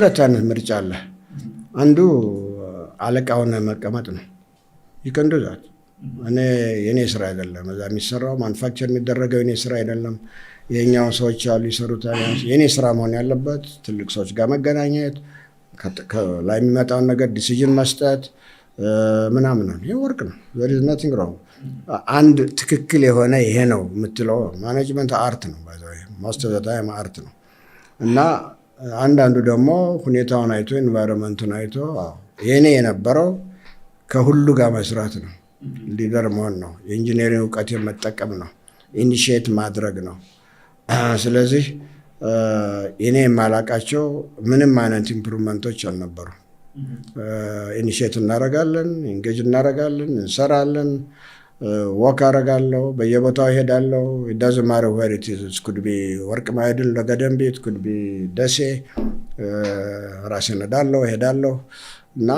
ሁለት አይነት ምርጫ አለ። አንዱ አለቃ ሆነ መቀመጥ ነው። ይከንዱ ዛት እኔ የእኔ ስራ አይደለም። እዛ የሚሰራው ማንፋክቸር የሚደረገው የኔ ስራ አይደለም። የኛው ሰዎች አሉ ይሰሩት። የእኔ ስራ መሆን ያለበት ትልቅ ሰዎች ጋር መገናኘት፣ ላይ የሚመጣውን ነገር ዲሲዥን መስጠት ምናምን ነው። ይህ ወርቅ ነው። ዘር ኢዝ ናቲንግ ሮንግ። አንድ ትክክል የሆነ ይሄ ነው የምትለው ማኔጅመንት አርት ነው። ሞስት ዘ ታይም አርት ነው እና አንዳንዱ ደግሞ ሁኔታውን አይቶ ኢንቫይሮንመንቱን አይቶ የእኔ የነበረው ከሁሉ ጋር መስራት ነው፣ ሊደር መሆን ነው፣ የኢንጂነሪንግ እውቀት መጠቀም ነው፣ ኢኒሽት ማድረግ ነው። ስለዚህ እኔ የማላቃቸው ምንም አይነት ኢምፕሩቭመንቶች አልነበሩ። ኢኒሽት እናደርጋለን፣ ኢንጌጅ እናደርጋለን፣ እንሰራለን ወክ አረጋለሁ፣ በየቦታው ይሄዳለሁ። ዳዝ ማር ዌር ኢት ኩድ ቢ ወርቅ ማይድል ለገደምቢ ኩድ ቢ ደሴ ራሴን እዳለሁ እሄዳለሁ እና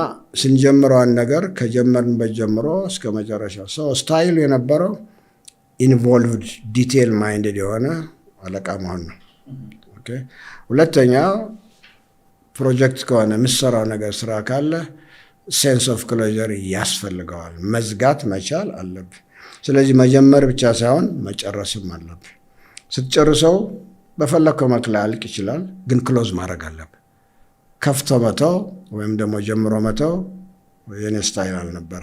ስንጀምረዋን ነገር ከጀመርንበት ጀምሮ እስከ መጨረሻ ሰው ስታይሉ የነበረው ኢንቮልቭድ ዲቴል ማይንድድ የሆነ አለቃ መሆን ነው። ሁለተኛ ፕሮጀክት ከሆነ የምሰራው ነገር ስራ ካለ ሴንስ ኦፍ ክሎዘር ያስፈልገዋል። መዝጋት መቻል አለብ። ስለዚህ መጀመር ብቻ ሳይሆን መጨረስም አለብ። ስትጨርሰው በፈለግከው ላይ አልቅ ይችላል፣ ግን ክሎዝ ማድረግ አለብ። ከፍቶ መተው ወይም ደግሞ ጀምሮ መተው የኔ ስታይል አልነበረ።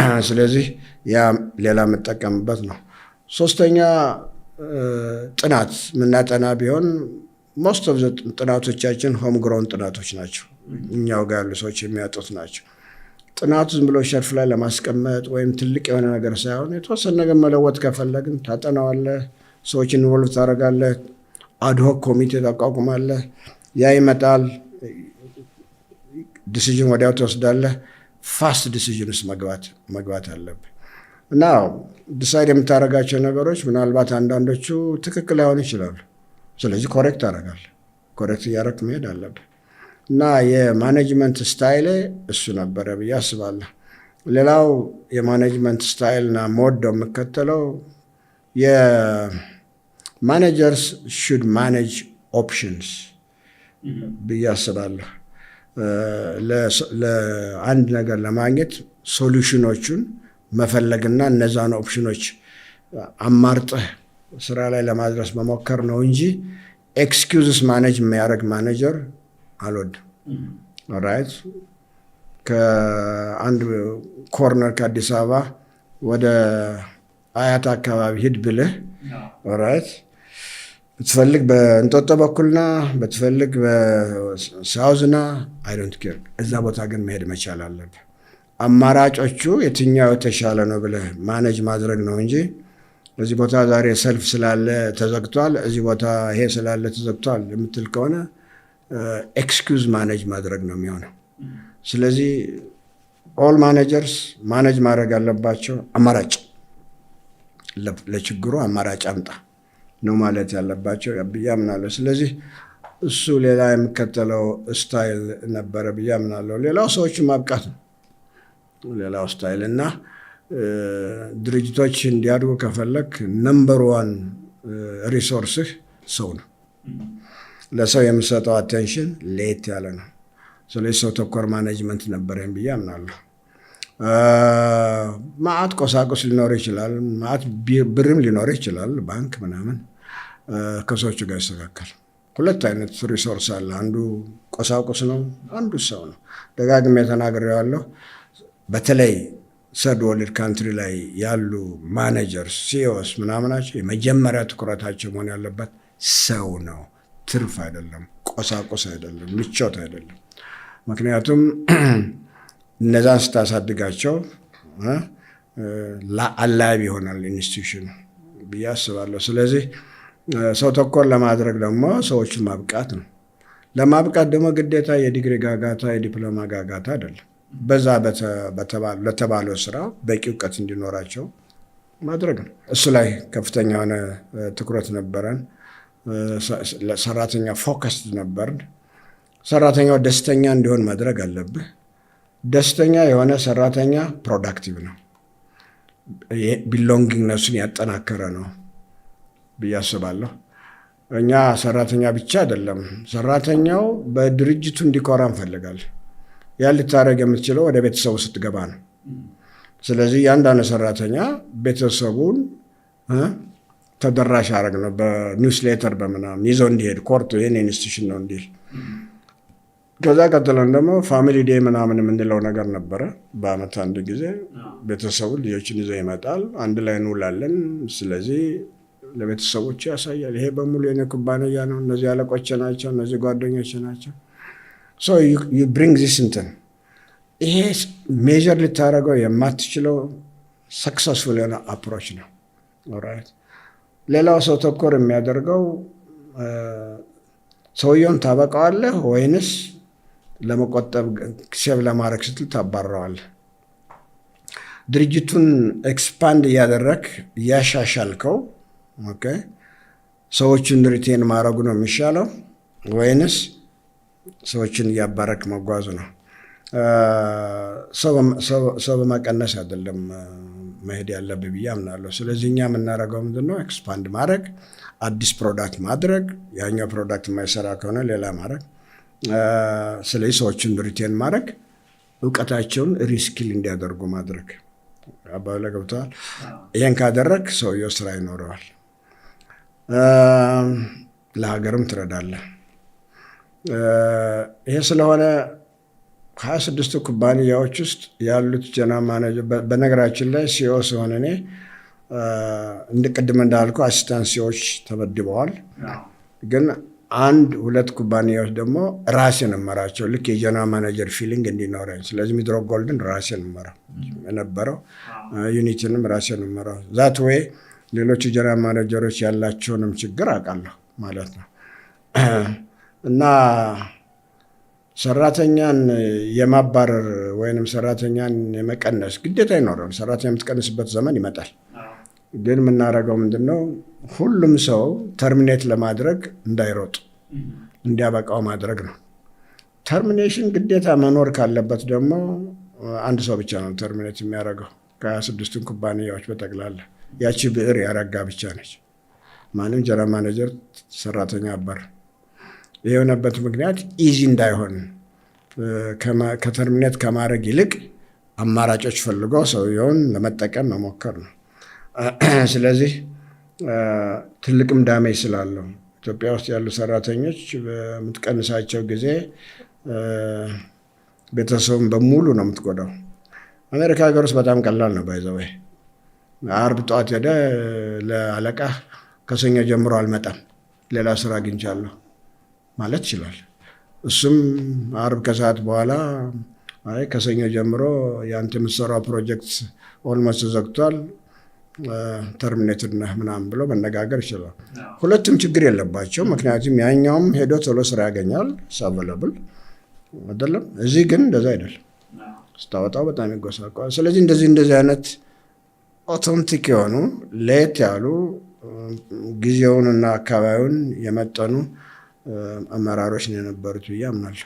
ስለዚህ ያ ሌላ የምጠቀምበት ነው። ሶስተኛ ጥናት ምናጠና ቢሆን ሞስት ኦፍ ጥናቶቻችን ሆም ግሮን ጥናቶች ናቸው። እኛው ጋር ያሉ ሰዎች የሚያጡት ናቸው። ጥናቱ ዝም ብሎ ሸልፍ ላይ ለማስቀመጥ ወይም ትልቅ የሆነ ነገር ሳይሆን የተወሰነ ነገር መለወጥ ከፈለግን ታጠናዋለህ፣ ሰዎች ኢንቮልቭ ታደርጋለህ፣ አድሆክ ኮሚቴ ታቋቁማለህ። ያ ይመጣል፣ ዲሲዥን ወዲያው ትወስዳለህ። ፋስት ዲሲዥን ውስጥ መግባት አለብህ እና ዲሳይድ የምታደርጋቸው ነገሮች ምናልባት አንዳንዶቹ ትክክል ላይሆን ይችላሉ ስለዚህ ኮሬክት ኮሬክት እያደረግ መሄድ አለብህ እና የማኔጅመንት ስታይሌ እሱ ነበረ ብዬ አስባለሁ። ሌላው የማኔጅመንት ስታይልና ሞድ የምከተለው የማኔጀርስ ሹድ ማኔጅ ኦፕሽንስ ብዬ አስባለሁ። ለአንድ ነገር ለማግኘት ሶሉሽኖቹን መፈለግና እነዛን ኦፕሽኖች አማርጠህ ስራ ላይ ለማድረስ መሞከር ነው እንጂ ኤክስኪውዝስ ማኔጅ የሚያደርግ ማኔጀር አልወድም። ኦራይት mm-hmm. ከአንድ ኮርነር ከአዲስ አበባ ወደ አያት አካባቢ ሂድ ብልህ ኦራይት ብትፈልግ በእንጦጦ በኩልና ብትፈልግ በሳውዝና አይዶንት ኬር። እዛ ቦታ ግን መሄድ መቻል አለብህ። አማራጮቹ የትኛው የተሻለ ነው ብለህ ማኔጅ ማድረግ ነው እንጂ በዚህ ቦታ ዛሬ ሰልፍ ስላለ ተዘግቷል፣ እዚህ ቦታ ይሄ ስላለ ተዘግቷል የምትል ከሆነ ኤክስኪውዝ ማኔጅ ማድረግ ነው የሚሆነው። ስለዚህ ኦል ማኔጀርስ ማኔጅ ማድረግ ያለባቸው አማራጭ ለችግሩ አማራጭ አምጣ ነው ማለት ያለባቸው ብዬ አምናለሁ። ስለዚህ እሱ ሌላ የሚከተለው ስታይል ነበረ ብዬ አምናለሁ። ሌላው ሰዎችን ማብቃት ነው ሌላው ስታይል እና ድርጅቶች እንዲያድጉ ከፈለግ ነምበር ዋን ሪሶርስህ ሰው ነው። ለሰው የምሰጠው አቴንሽን ለየት ያለ ነው። ስለዚህ ሰው ተኮር ማኔጅመንት ነበረኝ ብዬ አምናለሁ። uh, ማአት ቆሳቁስ ሊኖር ይችላል፣ ማአት ብርም ሊኖር ይችላል። ባንክ ምናምን uh, ከሰዎቹ ጋር ይስተካከል። ሁለት አይነት ሪሶርስ አለ። አንዱ ቆሳቁስ ነው፣ አንዱ ሰው ነው። ደጋግሜ ተናግሬዋለሁ። በተለይ ሰርድ ወርልድ ካንትሪ ላይ ያሉ ማኔጀር ሲዮስ e ምናምናቸው የመጀመሪያ ትኩረታቸው መሆን ያለበት ሰው ነው። ትርፍ አይደለም፣ ቆሳቆስ አይደለም፣ ምቾት አይደለም። ምክንያቱም እነዛን ስታሳድጋቸው አላይብ ይሆናል ኢንስቲቱሽን ብዬ አስባለሁ። ስለዚህ ሰው ተኮር ለማድረግ ደግሞ ሰዎችን ማብቃት ነው። ለማብቃት ደግሞ ግዴታ የዲግሪ ጋጋታ፣ የዲፕሎማ ጋጋታ አይደለም። በዛ ለተባለው ስራ በቂ እውቀት እንዲኖራቸው ማድረግ ነው። እሱ ላይ ከፍተኛ የሆነ ትኩረት ነበረን። ሰራተኛ ፎከስ ነበርን። ሰራተኛው ደስተኛ እንዲሆን ማድረግ አለብህ። ደስተኛ የሆነ ሰራተኛ ፕሮዳክቲቭ ነው። ቢሎንጊንግነሱን ያጠናከረ ነው ብዬ አስባለሁ። እኛ ሰራተኛ ብቻ አይደለም፣ ሰራተኛው በድርጅቱ እንዲኮራ እንፈልጋለን። ያን ልታደረግ የምትችለው ወደ ቤተሰቡ ስትገባ ነው። ስለዚህ ያንዳንድ ሰራተኛ ቤተሰቡን ተደራሽ አረግ ነው። በኒውስሌተር በምናምን ይዘው እንዲሄድ ኮርቱ ይህን ኢንስቲቱሽን ነው እንዲል። ከዛ ቀጥለን ደግሞ ፋሚሊ ዴ ምናምን የምንለው ነገር ነበረ። በአመት አንድ ጊዜ ቤተሰቡ ልጆችን ይዘው ይመጣል። አንድ ላይ እንውላለን። ስለዚህ ለቤተሰቦች ያሳያል። ይሄ በሙሉ የኔ ኩባንያ ነው፣ እነዚህ አለቆች ናቸው፣ እነዚህ ጓደኞች ናቸው። ሶ ዩ ብሪንግ ዚስ እንትን ይሄ ሜጀር ልታደረገው የማትችለው ሰክሰስፉል የሆነ አፕሮች ነው። ኦራይት ሌላው ሰው ተኮር የሚያደርገው ሰውየውን ታበቃዋለህ ወይንስ ለመቆጠብ ሴብ ለማድረግ ስትል ታባረዋለህ? ድርጅቱን ኤክስፓንድ እያደረግ እያሻሻልከው ሰዎቹን ሪቴን ማድረጉ ነው የሚሻለው ወይንስ ሰዎችን እያባረክ መጓዙ ነው። ሰው በመቀነስ አይደለም መሄድ ያለብህ ብዬ አምናለሁ። ስለዚህ እኛ የምናደርገው ነው? ኤክስፓንድ ማድረግ፣ አዲስ ፕሮዳክት ማድረግ፣ ያኛው ፕሮዳክት የማይሰራ ከሆነ ሌላ ማድረግ። ስለዚህ ሰዎችን ሪቴን ማድረግ፣ እውቀታቸውን ሪስኪል እንዲያደርጉ ማድረግ። አባለ ገብተዋል። ይህን ካደረግ ሰውየው ስራ ይኖረዋል፣ ለሀገርም ትረዳለህ። ይህ ስለሆነ ሀያ ስድስቱ ኩባንያዎች ውስጥ ያሉት ጀነራል ማናጀር በነገራችን ላይ ሲኦ ሲሆን እኔ እንድቅድም እንዳልኩ አሲስታንት ሲዎች ተመድበዋል። ግን አንድ ሁለት ኩባንያዎች ደግሞ ራሴ እመራቸው ልክ የጀነራል ማናጀር ፊሊንግ እንዲኖረኝ። ስለዚህ ሚድሮ ጎልድን ራሴ እመራ የነበረው ዩኒትንም ራሴ እመራው። ዛት ዌይ ሌሎቹ ጀነራል ማናጀሮች ያላቸውንም ችግር አውቃለሁ ማለት ነው። እና ሰራተኛን የማባረር ወይንም ሰራተኛን የመቀነስ ግዴታ ይኖረል። ሰራተኛ የምትቀንስበት ዘመን ይመጣል። ግን የምናደርገው ምንድን ነው? ሁሉም ሰው ተርሚኔት ለማድረግ እንዳይሮጥ እንዲያበቃው ማድረግ ነው። ተርሚኔሽን ግዴታ መኖር ካለበት ደግሞ አንድ ሰው ብቻ ነው ተርሚኔት የሚያደርገው ከሀያ ስድስቱን ኩባንያዎች በጠቅላላ ያቺ ብዕር ያረጋ ብቻ ነች። ማንም ጀነራል ማኔጀር ሰራተኛ አባረር የሆነበት ምክንያት ኢዚ እንዳይሆን ከተርሚኔት ከማድረግ ይልቅ አማራጮች ፈልጎ ሰውየውን ለመጠቀም መሞከር ነው። ስለዚህ ትልቅም ዳሜጅ ስላለው ኢትዮጵያ ውስጥ ያሉ ሰራተኞች በምትቀንሳቸው ጊዜ ቤተሰቡን በሙሉ ነው የምትጎዳው። አሜሪካ ሀገር ውስጥ በጣም ቀላል ነው። ባይዘወይ አርብ ጠዋት ሄደ ለአለቃ ከሰኞ ጀምሮ አልመጣም ሌላ ስራ አግኝቻለሁ ማለት ይችላል። እሱም አርብ ከሰዓት በኋላ አይ ከሰኞ ጀምሮ የአንተ የምትሰራው ፕሮጀክት ኦልሞስት ተዘግቷል፣ ተርሚኔትድ ነህ ምናምን ብሎ መነጋገር ይችላል። ሁለቱም ችግር የለባቸው። ምክንያቱም ያኛውም ሄዶ ቶሎ ስራ ያገኛል ሳቨለብል አይደለም። እዚህ ግን እንደዛ አይደለም። ስታወጣው በጣም ይጎሳቋል። ስለዚህ እንደዚህ እንደዚህ አይነት ኦቶንቲክ የሆኑ ለየት ያሉ ጊዜውንና አካባቢውን የመጠኑ አመራሮች ነው የነበሩት ብዬ አምናለሁ።